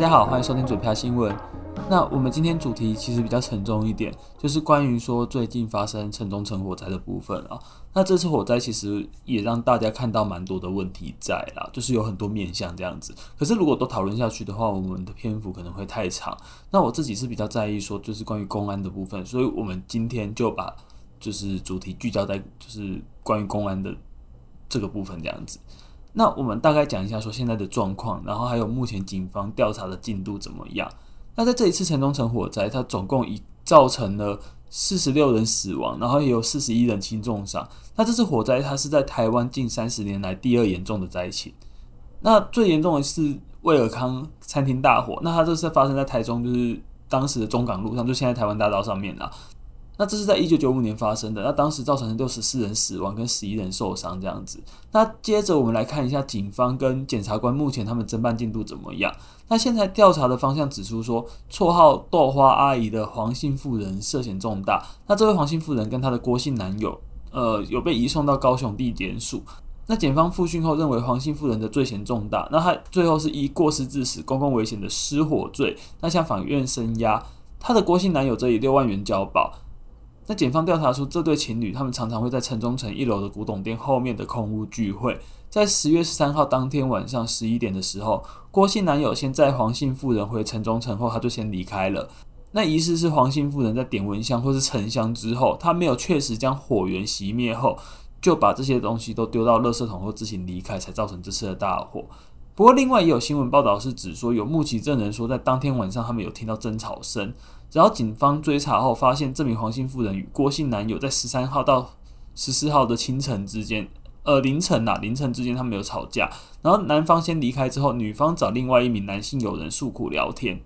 大家好，歡迎收聽嘴 ㄆㄧㄚˊ 新聞。那我們今天主題其實比較沉重一點，就是關於說最近發生城中城火災的部分啊。那這次火災其實也讓大家看到蠻多的問題在啦，就是有很多面向這樣子。可是如果都討論下去的話，我們的篇幅可能會太長。那我自己是比較在意說，就是關於公安的部分，所以我們今天就把就是主題聚焦在就是關於公安的這個部分這樣子。那我們大概講一下說現在的狀況，然後還有目前警方調查的進度怎麼樣？那在這一次城中城火災，它總共已造成了四十六人死亡，然後也有四十一人輕重傷。那這次火災它是在台灣近三十年來第二嚴重的災情。那最嚴重的是威爾康餐廳大火，那它這次發生在台中，就是當時的中港路上，就現在台灣大道上面啦。那這是在一九九五年發生的。那當時造成了六十四人死亡，跟十一人受傷這樣子。那接着我們來看一下警方跟檢察官目前他們偵辦進度怎麼樣。那現在調查的方向指出說，綽號豆花阿姨的黃姓婦人涉嫌重大。那這位黃姓婦人跟她的郭姓男友，呃，有被移送到高雄地檢署。那檢方複訊後認為黃姓婦人的罪嫌重大，那她最後是以過失致死、公共危險的失火罪，那向法院聲押。她的郭姓男友則以六萬元交保。那警方調查出這對情侶，他們常常會在城中城一樓的古董店後面的空屋聚會。在十月十三號當天晚上十一點的時候，郭姓男友先載黃姓婦人回城中城後，他就先離開了。那疑似是黃姓婦人在點蚊香或是沉香之後，他沒有確實將火源熄滅後，就把這些東西都丟到垃圾桶後自行離開，才造成這次的大火。不過，另外也有新聞報道是指說，有目擊證人說，在當天晚上他們有聽到爭吵聲。然後警方追查後發現，這名黃姓婦人與郭姓男友在十三號到十四號的清晨之間，呃凌晨吶、啊、凌晨之間，他們有吵架。然後男方先離開之後，女方找另外一名男性友人訴苦聊天。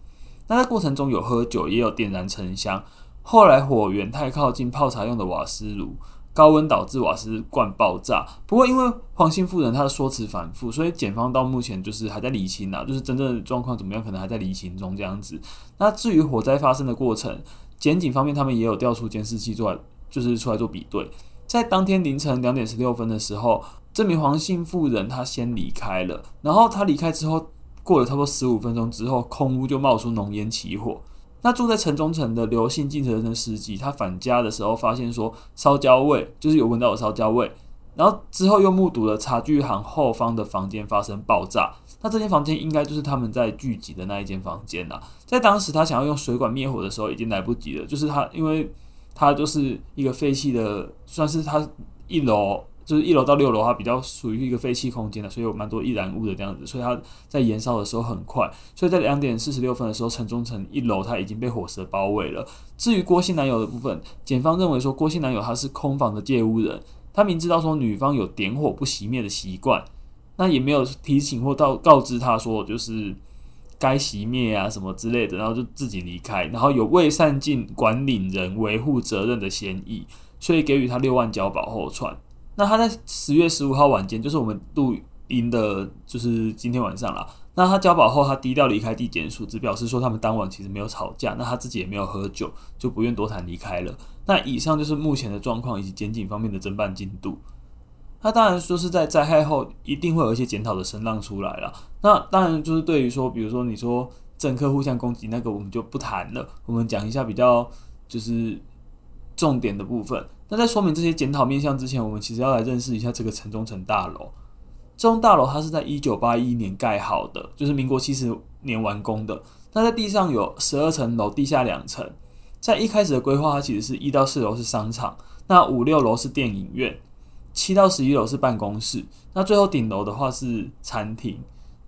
那在過程中有喝酒，也有點燃沉香。後來火源太靠近泡茶用的瓦斯爐。高溫導致瓦斯罐爆炸。不過，因為黃姓婦人她的說辭反覆，所以檢方到目前就是還在釐清吶、啊，就是真正的狀況怎麼樣，可能還在釐清中這樣子。那至於火災發生的過程，檢警方面他們也有調出監視器做，就是出來做比對。在當天凌晨兩點十六分的時候，這名黃姓婦人她先離開了，然後她離開之後，過了差不多十五分鐘之後，空屋就冒出濃煙起火。那住在城中城的劉姓計程車司機，他返家的時候發現說燒焦味，就是有聞到有燒焦味，然後之後又目睹了茶具行後方的房間發生爆炸。那這間房間應該就是他們在聚集的那一間房間吶、啊。在當時他想要用水管滅火的時候，已經來不及了。就是他，因為他就是一個廢棄的，算是他一樓。就是一樓到六樓，它比較屬於一個廢棄空間的，所以有蠻多易燃物的這樣子，所以它在燃燒的時候很快。所以在兩點四十六分的時候，城中城一樓它已經被火舌包圍了。至於郭姓男友的部分，檢方認為說，郭姓男友他是空房的借屋人，他明知道說女方有點火不熄滅的習慣，那也沒有提醒或告告知他說就是該熄滅啊什麼之類的，然後就自己離開，然後有未善盡管理人維護責任的嫌疑，所以給予他六萬交保候傳。那他在十月十五號晚間，就是我們錄音的，就是今天晚上了。那他交保後，他低調離開地檢署，只表示說他們當晚其實沒有吵架，那他自己也沒有喝酒，就不願多談離開了。那以上就是目前的狀況以及檢警方面的偵辦進度。那當然說是在災害後一定會有一些檢討的聲浪出來了。那當然就是對於說，比如說你說政客互相攻擊那個，我們就不談了。我們講一下比較就是重點的部分。那在說明這些檢討面向之前，我們其實要來認識一下這個城中城大樓。這棟大樓它是在一九八一年蓋好的，就是民國七十年完工的。那在地上有十二層樓，地下兩層。在一開始的規劃，它其實是一到四樓是商場，那五六樓是電影院，七到十一樓是辦公室，那最後頂樓的話是餐廳。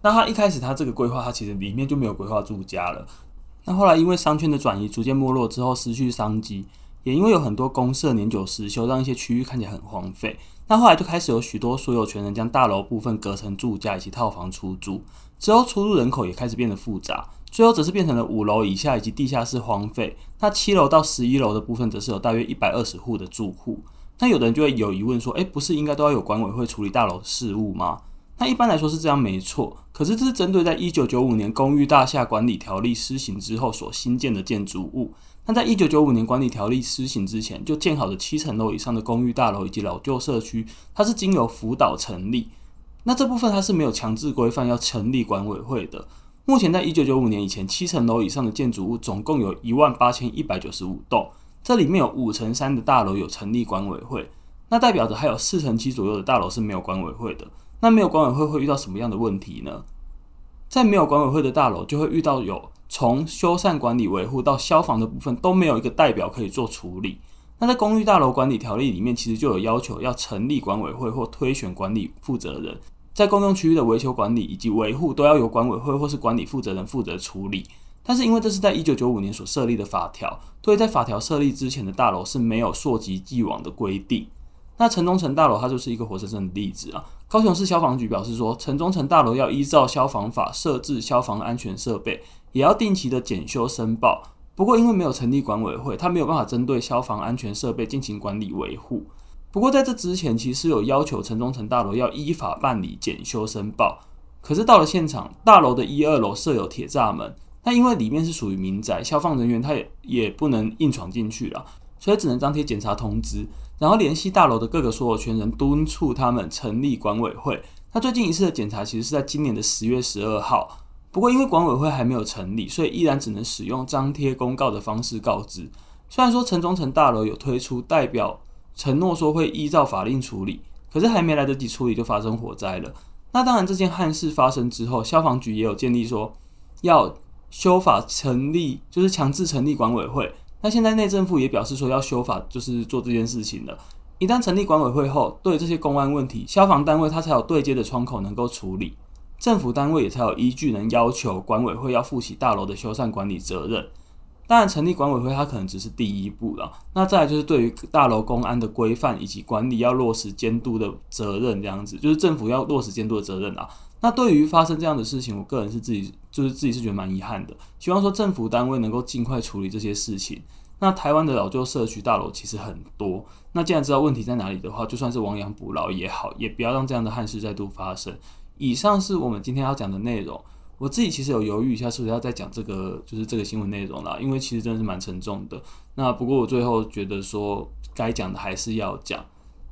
那它一開始它這個規劃，它其實裡面就沒有規劃住家了。那後來因為商圈的轉移，逐漸沒落之後，失去商機。也因為有很多公設年久失修，讓一些區域看起來很荒廢。那後來就開始有許多所有權人將大樓部分隔成住家以及套房出租，之後出入人口也開始變得複雜。最後則是變成了五樓以下以及地下室荒廢。那七樓到十一樓的部分則是有大約一百二十戶的住戶。那有的人就會有疑問說，誒，不是應該都要有管委會處理大樓的事務嗎？那一般來說是這樣，沒錯。可是這是針對在一九九五年《公寓大廈管理條例》施行之後所新建的建築物。那在一九九五年管理條例施行之前就建好的七層樓以上的公寓大樓以及老舊社區，它是經由輔導成立。那這部分它是沒有強制規範要成立管委會的。目前在一九九五年以前，七層樓以上的建築物總共有一萬八千一百九十五棟，這裡面有五成三的大樓有成立管委會，那代表着還有四成七左右的大樓是沒有管委會的。那沒有管委會會遇到什麼樣的問題呢？在沒有管委會的大樓，就會遇到有從修繕、管理、維護到消防的部分都沒有一個代表可以做處理。那在公寓大樓管理條例裡面，其實就有要求要成立管委會或推選管理負責人，在公共區域的維修管理以及維護都要由管委會或是管理負責人負責處理。但是因為這是在一九九五年所設立的法條，所以在法條設立之前的大樓是沒有溯及既往的規定。那城中城大樓它就是一個活生生的例子啊。高雄市消防局表示說，城中城大樓要依照消防法設置消防安全設備，也要定期的檢修申報。不過因為沒有成立管委會，它沒有辦法針對消防安全設備進行管理維護。不過在這之前，其實有要求城中城大樓要依法辦理檢修申報。可是到了現場，大樓的一二樓設有鐵柵門，但因為裡面是屬於民宅，消防人員他也也不能硬闖進去了。所以只能張貼檢查通知，然後聯繫大樓的各個所有權人，敦促他們成立管委會。那最近一次的檢查其實是在今年的十月十二號，不過因為管委會還沒有成立，所以依然只能使用張貼公告的方式告知。雖然說城中城大樓有推出代表承諾說會依照法令處理，可是還沒來得及處理就發生火災了。那當然，這件憾事發生之後，消防局也有建議說要修法成立，就是強制成立管委會。那現在內政部也表示說要修法，就是做這件事情了。一旦成立管委會後，對這些公安問題，消防單位它才有對接的窗口能夠處理，政府單位也才有依據能要求管委會要負起大樓的修繕管理責任。當然，成立管委會它可能只是第一步了。那再來就是對於大樓公安的規範以及管理要落實監督的責任，這樣子就是政府要落實監督的責任啊。那對於發生這樣的事情，我個人是自己就是自己是覺得蠻遺憾的，希望說政府單位能夠盡快處理這些事情。那台灣的老舊社區大樓其實很多，那既然知道問題在哪裡的話，就算是亡羊補牢也好，也不要讓這樣的憾事再度發生。以上是我們今天要講的內容。我自己其實有猶豫一下，是不是要再講這個就是這個新聞內容啦，因為其實真的是蠻沉重的。那不過我最後覺得說該講的還是要講。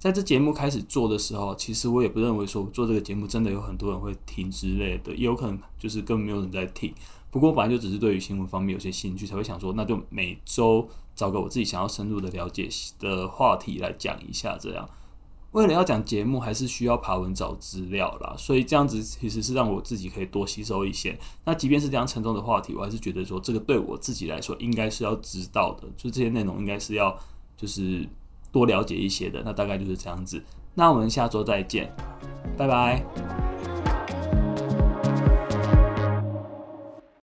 在這節目開始做的時候，其實我也不認為說做這個節目真的有很多人會聽之類的，也有可能就是根本沒有人在聽。不過本來就只是對於新聞方面有些興趣，才會想說那就每周找個我自己想要深入的了解的話題來講一下這樣。為了要講節目，還是需要爬文找資料啦。所以這樣子其實是讓我自己可以多吸收一些。那即便是這樣沉重的話題，我還是覺得說這個對我自己來說應該是要知道的，就這些內容應該是要就是。多了解一些的，那大概就是這樣子。那我們下周再見，拜拜。